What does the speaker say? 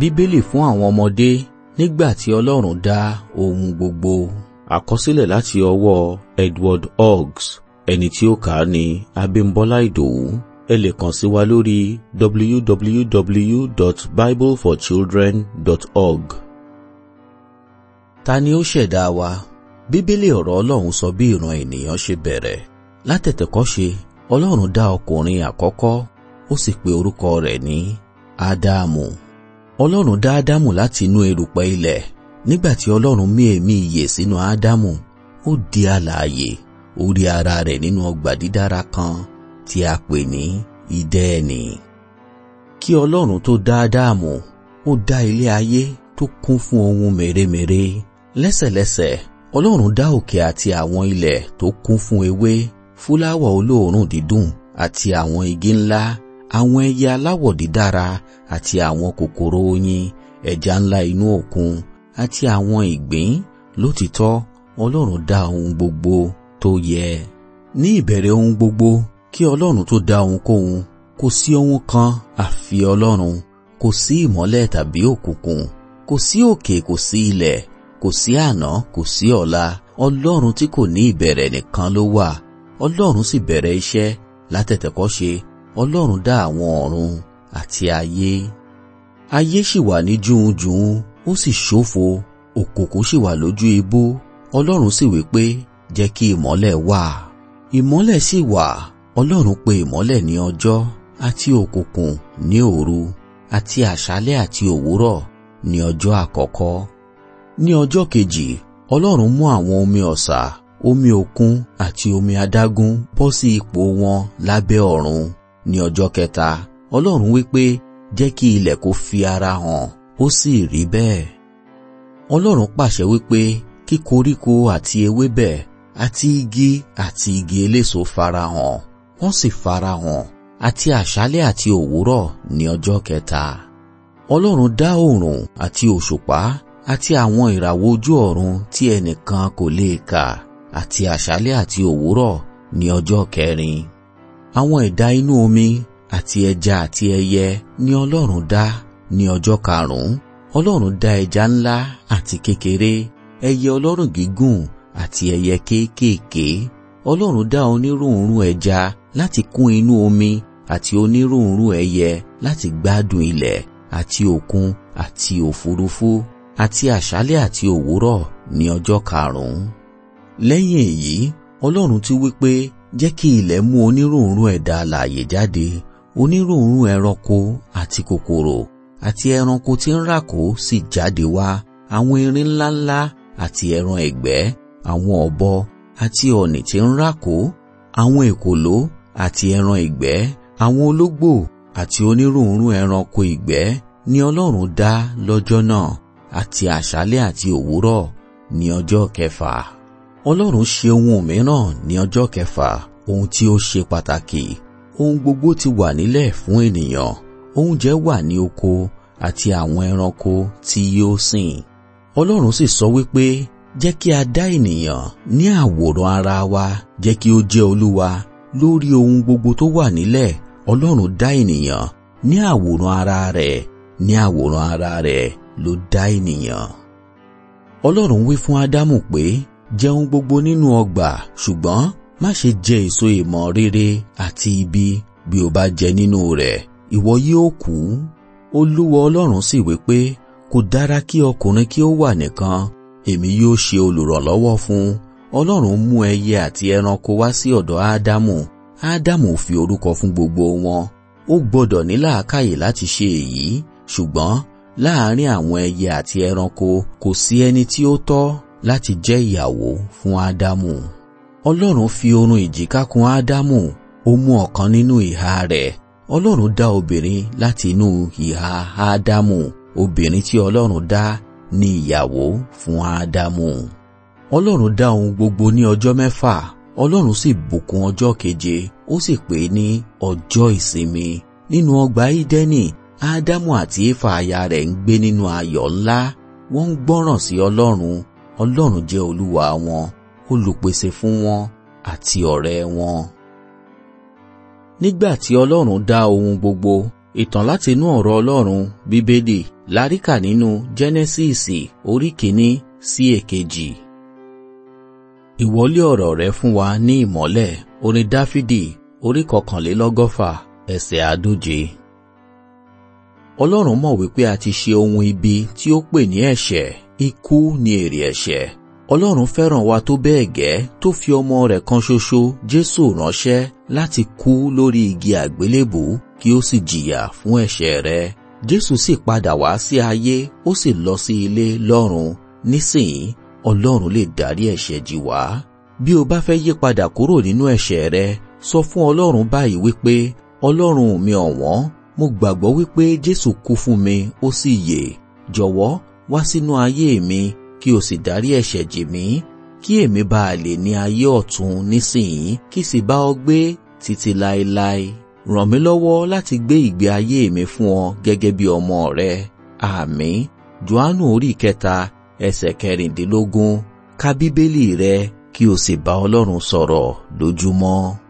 Bíbélì fún àwọn ọmọdé nígbà tí Ọlọ́run dá ohun gbogbo. Àkọsílẹ̀ láti ọwọ́ Edward Hughes ẹni tí ó kà á ní Abímbọ́lá Ìdòwú. Ẹ lè kàn sí wa lórí www.bibleforchildren.org. Ta ni ó ṣẹ̀dá wa? Bíbélì ọ̀rọ̀ Ọlọ́run sọ bí ìran ènìyàn ṣe bẹ̀rẹ̀. Látètèkọ́ṣe, Ọlọ́run dá ọkùnrin àkọ́kọ́, ó sì pe orúkọ rẹ̀ ní Ádámù. Ọlọ́run dá Ádámù láti inú erùpẹ̀ ilẹ̀ nígbà tí Ọlọ́run mí èémí ìyè sínú Ádámù ó di alààyè ó rí ara rẹ̀ nínú ọgbà dídára kan tí a pè ní Ídẹ́ẹ̀nì kí Ọlọ́run tó dá Ádámù ó dá ilé ayé tó kún fún ohun mèremère lẹ́sẹ̀lẹ́sẹ̀ Ọlọ́run dá òkè àti àwọn ilẹ̀ tó kún fún ewé fúláwà olóòórùn dídùn àti àwọn igi ńlá àwọn ẹyẹ aláwọ̀ dídára àti àwọn kòkòrò oyin ẹja ńlá inú òkun àti àwọn ìgbín lótìtọ́ ọlọ́run dá ohun gbogbo tó yẹ. ní ìbẹ̀rẹ̀ ohun gbogbo kí ọlọ́run tó dá ohunkóhun kò sí ohun kan àfi ọlọ́run kò sí ìmọ́lẹ̀ tàbí òkùnkùn kò sí òkè kò sí ilẹ̀ kò sí àná kò sí ọ̀la ọlọ́run tí kò ní ìbẹ̀rẹ̀ nìkan ló wà ọlọ́run sì bẹ̀rẹ̀ iṣẹ́ látẹ̀tẹ̀kọ́ṣe Ọlọ́run dá àwọn ọ̀run àti ayé ayé sì wà ní jùújùú ó sì ṣófo òkùnkùn sì wà lójú ibú Ọlọ́run sì wí pé jẹ́ kí ìmọ́lẹ̀ wà ìmọ́lẹ̀ sì wà Ọlọ́run pe ìmọ́lẹ̀ ní ọjọ́ àti òkùnkùn ní òru àti àṣálẹ́ àti òwúrọ̀ ní ọjọ́ àkọ́kọ́ ní ọjọ́ kejì Ọlọ́run mú àwọn omi ọ̀sà omi òkun àti omi adágún bọ́ sí ipò wọn lábẹ́ ọ̀run ní ọjọ́ kẹta ọlọ́run wípé jẹ́ kí ilẹ̀ kó fi ara hàn ó sì rí bẹ́ẹ̀ ọlọ́run pàṣẹ wípé kí koríko àti ewébẹ̀ àti igi àti igi eléso farahàn wọ́n sì farahàn àti àṣálẹ́ àti òwúrọ̀ ní ọjọ́ kẹta ọlọ́run dá oòrùn àti òṣùpá àti àwọn ìràwọ̀ ojú ọ̀run tí ẹnìkan kò lè kà àti àṣálẹ́ àti òwúrọ̀ ní ọjọ́ kẹrin Àwọn ẹ̀dá inú omi àti ẹja àti ẹyẹ ni Ọlọ́run dá ní ọjọ́ karùn-ún. Ọlọ́run dá ẹja ńlá àti kékeré, ẹyẹ ọlọ́rùn gígùn àti ẹyẹ kéékèèké. Ọlọ́run dá onírúurú ẹja láti kún inú omi àti onírúurú ẹyẹ láti gbádùn ilẹ̀ àti òkun àti òfurufú àti àṣálẹ́ àti òwúrọ̀ ní ọjọ́ karùn-ún. Lẹ́yìn èyí, Ọlọ́run tún wí pé jẹ́ kí ilẹ̀ mú onírúurú ẹ̀dá alààyè jáde onírúurú ẹranko àti kòkòrò àti ẹranko tí ń ràkó sì jáde wá àwọn erin ńláńlá àti ẹran ẹ̀gbẹ́ àwọn ọ̀bọ àti ọ̀nì tí ń ràkó àwọn èkòló àti ẹran ìgbẹ́ àwọn ológbò àti onírúurú ẹranko ìgbẹ́ ni Ọlọ́run dá lọ́jọ́ náà àti àṣálẹ́ àti òwúrọ̀ ní ọjọ́ kẹfà. Ọlọ́run ṣe ohun mìíràn ní ọjọ́ kẹfà ohun tí ó ṣe pàtàkì ohun gbogbo ti wà nílẹ̀ fún ènìyàn oúnjẹ wà ní oko àti àwọn ẹranko tí yóò sìn Ọlọ́run sì sọ wípé jẹ́ kí a dá ènìyàn ní àwòrán ara wa jẹ́ kí ó jẹ́ Olúwa lórí ohun gbogbo tó wà nílẹ̀ Ọlọ́run dá ènìyàn ní àwòrán ara rẹ̀ ní àwòrán ara rẹ̀ ló dá ènìyàn Ọlọ́run wí fún Ádámù pé jẹun gbogbo nínú ọgbà ṣùgbọ́n má ṣe jẹ èso ìmọ̀ rere àti ibi bí o bá jẹ nínú rẹ̀ ìwọ yóò kú olúwa ọlọ́run sì wí pé kò dára kí ọkùnrin kí ó wà nìkan èmi yóò ṣe olùrànlọ́wọ́ fún ọlọ́run mú ẹyẹ àti ẹranko wá sí ọ̀dọ̀ ádámù ádámù fi orúkọ fún gbogbo wọn ó gbọ́dọ̀ ní làákàyè láti ṣe èyí ṣùgbọ́n láàárín àwọn ẹyẹ àti ẹranko kò sí ẹni tí ó tọ́ láti jẹ́ ìyàwó fún Ádámù. Ọlọ́run fi orun ìjìká kùn Ádámù, ó mú ọ̀kan nínú ìhà rẹ̀. Ọlọ́run dá obìnrin láti inú ìhà Ádámù, obìnrin tí Ọlọ́run dá ní ìyàwó fún Ádámù. Ọlọ́run dá ohun gbogbo ní ọjọ́ mẹ́fà, Ọlọ́run sì bùkún ọjọ́ keje, ó sì pè é ní ọjọ́ ìsinmi. Nínú ọgbà Ídẹ́nì, Ádámù àti Éfà aya rẹ̀ ń gbé nínú ayọ̀ ńlá, wọ́n ń gbọ́ràn sí Ọlọ́run, ọlọ́run jẹ́ olúwa wọn olùpèsè fún wọn àti ọ̀rẹ́ wọn. nígbà tí ọlọ́run dá ohun gbogbo ìtàn láti inú ọ̀rọ̀ ọlọ́run bíbélì láríkà nínú jẹ́nẹ́síìsì orí kìíní sí èkejì. ìwọlé ọ̀rọ̀ rẹ fún wa ní ìmọ́lẹ̀ orin dáfídì orí kọkànlélọ́gọ́fà ẹsẹ̀ àádóje. ọlọ́run mọ̀ wípé a ti ṣe ohun ibi tí ó pè ní ẹ̀ṣẹ̀ ikú ni èrè ẹ̀ṣẹ̀. Ọlọ́run fẹ́ràn wa tó bẹ́ẹ̀ gẹ́ tó fi ọmọ rẹ̀ kan ṣoṣo Jésù ránṣẹ́ láti kú lórí igi àgbélébù kí ó sì jìyà fún ẹ̀ṣẹ̀ rẹ. Jésù sì padà wá sí ayé ó sì lọ sí ilé lọ́run nísìnyí Ọlọ́run lè dárí ẹ̀ṣẹ̀ jì wá. Bí o bá fẹ́ yí padà kúrò nínú ẹ̀ṣẹ̀ rẹ sọ fún Ọlọ́run báyìí wípé Ọlọ́run mi ọ̀wọ́n mo gbàgbọ́ wípé Jésù kú fún mi ó sì yè jọ̀wọ́ wá sínú ayé mi kí o sì dárí ẹ̀ṣẹ̀ jì mí kí èmi bá a lè ní ayé ọ̀tun nísìnyí kí sì bá ọ gbé títí láéláé ràn mí lọ́wọ́ láti gbé ìgbé ayé mi fún ọ gẹ́gẹ́ bí ọmọ rẹ àmín johannu orí kẹta ẹsẹ̀ kẹrìndínlógún ka bíbélì rẹ kí o sì bá ọlọ́run sọ̀rọ̀ lójúmọ́.